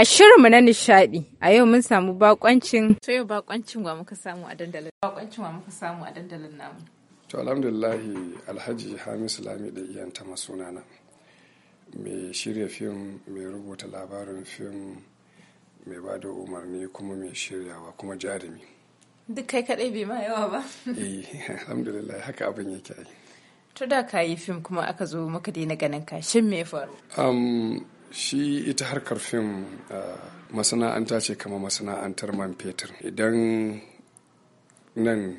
A shirinmu na nishadi a yau mun samu bakoncin. To yau bakoncin wa muka samu a dandalin. Bakoncin wa muka samu a dandalin namu. To alhamdulillah Alhaji Hamisu Lami da iyan ta masunana. Mai shirya fim, mai rubuta labarin fim, mai ba da umarni kuma mai shiryawa kuma jarumi. Duk kai kaɗai bai ma yawa ba. Eh, alhamdulillah haka abin yake yi. To da ka yi fim kuma aka zo muka daina ganin ka, shin me faru? shi ita harkar fim ah, masana'anta ce kama masana'antar man fetur idan nan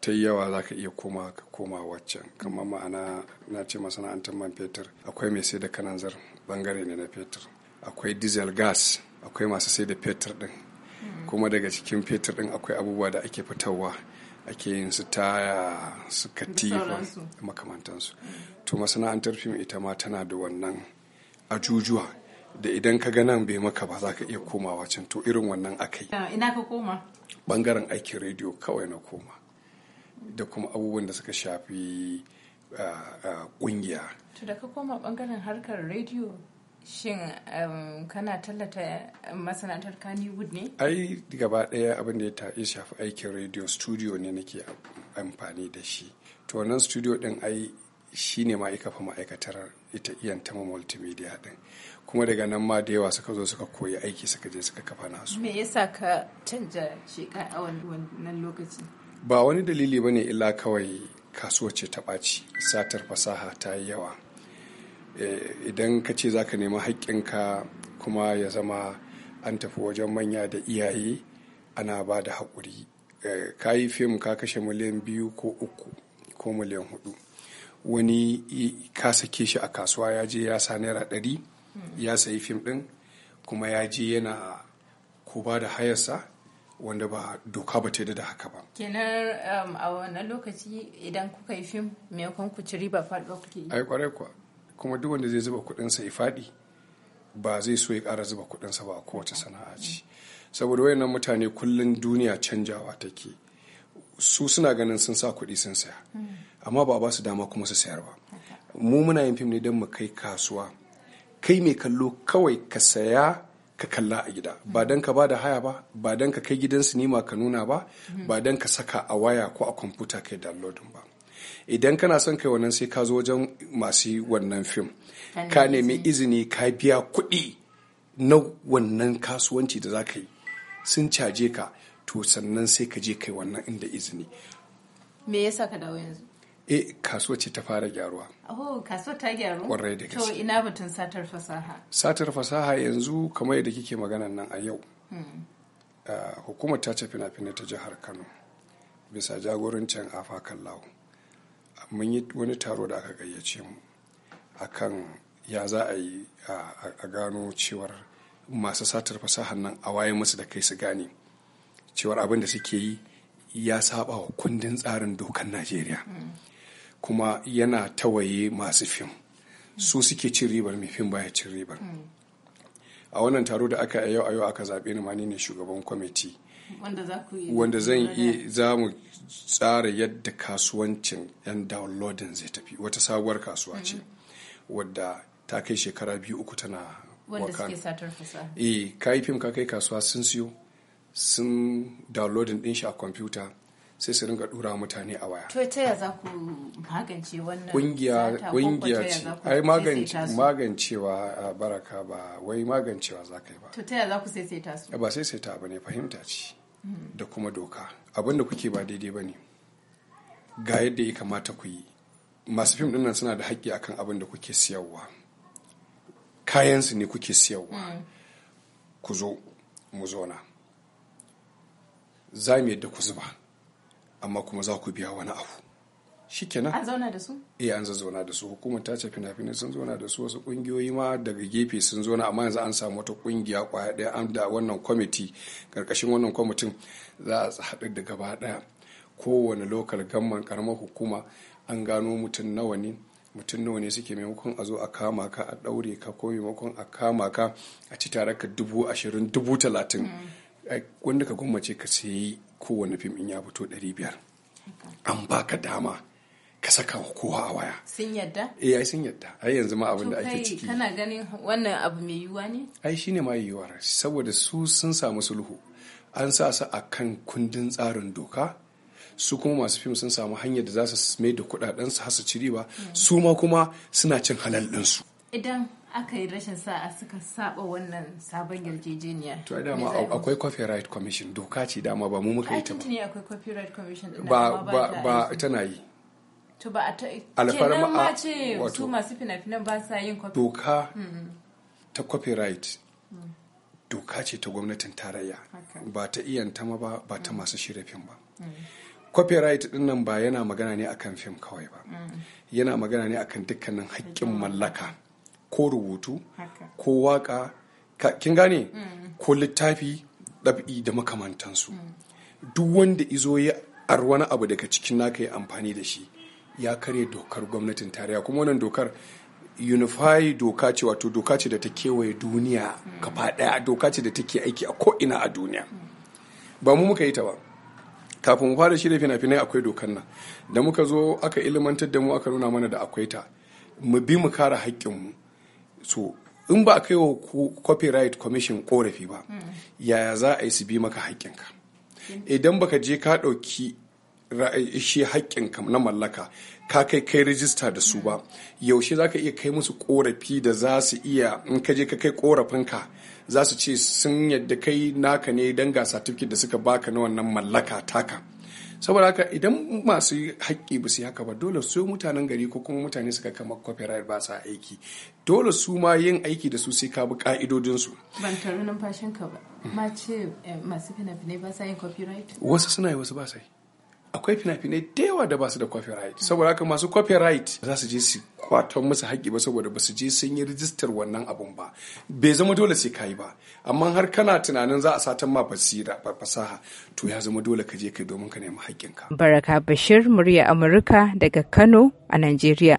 ta yi yawa za ka iya koma ka koma waccan kamar ma'ana na ce masana'antar man fetur akwai mai sai da kananzar bangare ne na fetur akwai diesel gas akwai masu sai da fetur din kuma daga cikin fetur din akwai abubuwa da ake fitarwa ake yin su taya su katifa makamantansu to masana'antar fim ita ma tana da wannan ajujuwa da idan ka ga nan bai maka ba za ka iya komawa can to irin wannan aka yi ina ka koma bangaren aikin rediyo kawai na koma da kuma abubuwan da suka shafi kungiya to da ka koma bangaren harkar rediyo shin kana tallata masana'antar kannywood ne ai gaba daya abin da ya shafi aikin rediyo studio ne nake amfani da shi to wannan studio din ai shi ne ma'aikafa ma'aikatar ita iyan tama multimedia din kuma daga nan ma da yawa suka zo suka koyi aiki suka je suka kafa nasu me yasa ka canja sheka a wannan lokaci ba wani dalili ba ne illa kawai kasuwa ce ta ɓaci satar fasaha ta yi yawa eh, idan ka ce za ka nemi haƙƙinka kuma ya zama an tafi wajen manya da iyaye ana ba da haƙuri eh, ka yi fim ka kashe miliyan biyu ko uku ko miliyan hudu wani ka sake shi a kasuwa ya je ya sa naira ɗari ya sayi fim ɗin kuma ya je yana ko ba da hayarsa wanda ba doka ba ta da haka ba. kenan um, a wannan lokaci idan kuka yi fim mai ku ci riba faɗo kuke yi. ai kwarai kuwa kuma duk wanda zai zuba sa ya faɗi ba zai so ya ƙara zuba sa ba a kowace sana'a ce saboda wayannan mutane kullum duniya canjawa take su suna ganin sun sa kuɗi sun saya hmm. amma ba ba su dama kuma su sayar ba mu muna yin fim ne don mu kai kasuwa kai mai kallo kawai ka saya ka kalla a gida hmm. ba don ka ba da haya ba ba don ka kai gidan sinima ka nuna ba hmm. ba don ka saka a waya ko a kwamfuta kai downloadin ba idan kana son kai wannan sai ka zo wajen masu wannan fim ka nemi izini ka biya kuɗi na wannan kasuwanci da za ka yi sun caje ka to sannan sai ka je kai wannan inda izini me yasa ka dawo yanzu e eh, kasuwa ce ta fara gyaruwa oh kasuwa ta gyaru kwarai da gaske to ina batun satar fasaha satar fasaha yanzu kamar yadda kike magana nan a yau hmm. hukumar ta ce fina-finai ta jihar kano bisa jagorancin afa kallawo mun yi wani taro da aka gayyace mu akan ya za a yi a gano cewar masu satar fasahar nan a waye musu da kai su gane cewar abin da suke yi ya saba wa kundin tsarin dokan najeriya kuma yana tawaye masu fim su suke cin ribar mai fim baya cin ribar a wannan taro da aka yau a yau aka zaɓe ni ma ne shugaban kwamiti wanda zan iya za mu tsara yadda kasuwancin yan downloading zai tafi wata sabuwar kasuwa ce mm-hmm. wadda ta kai shekara biyu uku tana wanda suke satar eh, ka fim ka kai kasuwa sun siyo sun downloadin din shi a kwamfuta sai su ringa dura mutane a waya. Twitter za ku magance wannan kungiya ce ai magancewa baraka ba wai magancewa za ka yi ba. Twitter ta za ku sai su? Ba ta ba ne fahimta ce da kuma doka abin da kuke ba daidai ba ne ga yadda ya kamata ku yi masu fim dinnan suna da haƙƙi akan abin da kuke siyarwa kayansu ne kuke siyarwa mm. ku zo mu na. za mu yadda ku zuba amma kuma za ku biya wani abu shikenan an zauna da su eh an zauna da su hukumar ta ce fina-finai sun zauna da su wasu kungiyoyi ma daga gefe sun zauna amma yanzu an samu wata kungiya kwaya daya an da wannan kwamiti karkashin wannan kwamitin za a haɗu da gaba daya kowane lokal gamman karamar hukuma an gano mutum nawa ne mutum nawa ne suke maimakon a zo a kama ka a ɗaure ka ko maimakon a kama ka a ci tare ka dubu ashirin dubu talatin mm. wanda ka gwammace ka sayi kowane fim in ya fito 500 biyar an baka dama ka saka kowa a waya sun yadda eh ai sun yadda ai yanzu ma abin da ake ciki kana ganin wannan abu mai yiwuwa ne ai shine ma yiwuwa saboda su sun samu sulhu an sa su kan kundin tsarin doka su kuma masu fim sun samu hanyar da za su mai da kudaden su har su mm. su ma kuma suna cin halal ɗinsu. idan aka yi rashin sa'a suka saba wannan sabon yarjejeniya. To ai dama akwai copyright commission doka ce dama ba mu muka yi ta ba. ne akwai copyright commission ba ba tana yi. To ba a ta kenan ma ce su masu fina-finan ba sa yin copyright. Doka mm-hmm. ta copyright mm. doka ce ta gwamnatin tarayya ba ta iyanta ma ba ba ta mm. masu shirya fim ba. Mm. copyright din nan ba yana magana ne akan fim kawai ba yana magana ne akan dukkanin haƙƙin mallaka ko rubutu ko waka kin gane mm. ko littafi ɗabi da makamantansu mm. duk wanda izo ya arwani abu daga cikin naka ya amfani da shi ya karya dokar gwamnatin tarayya kuma wannan dokar unify doka ce wato doka ce da ta kewaye duniya mm. gaba daya doka ce da take aiki a ko'ina a duniya ba mu muka yi ta ba kafin mu fara da fina-finai akwai dokar nan da muka zo aka ilimantar da mu aka nuna mana da akwai ta mu bi mu kare haƙƙinmu so in ba a kai wa copyright commission korafi ba yaya za a yi su bi maka haƙƙinka idan baka je ka ɗauki shi haƙƙinka na mallaka ka kai kai rijista da su ba yaushe za ka iya kai musu korafi da za su iya in ka je ka kai korafinka za su ce sun yadda kai naka ne don ga satifiki da suka baka na wannan mallaka taka saboda haka idan masu haƙƙi ba su haka ba dole su mutanen gari ko kuma mutane suka kama copyright ba sa aiki dole su ma yin aiki da su sai ka bi ka'idodin su ban taru numfashin ka ba ma ce eh, masu fina-finai ba sa yin copyright wasu suna yi wasu ba sa yi akwai fina-finai da yawa da basu da copyright saboda haka masu copyright za su je su kwata musu haƙƙi ba saboda ba su je sun yi rijistar wannan abun ba bai zama dole sai kayi ba amma har kana tunanin za a satan ma basira fasaha to ya zama dole ka je kai domin ka nemi haƙƙinka baraka bashir murya amurka daga kano a najeriya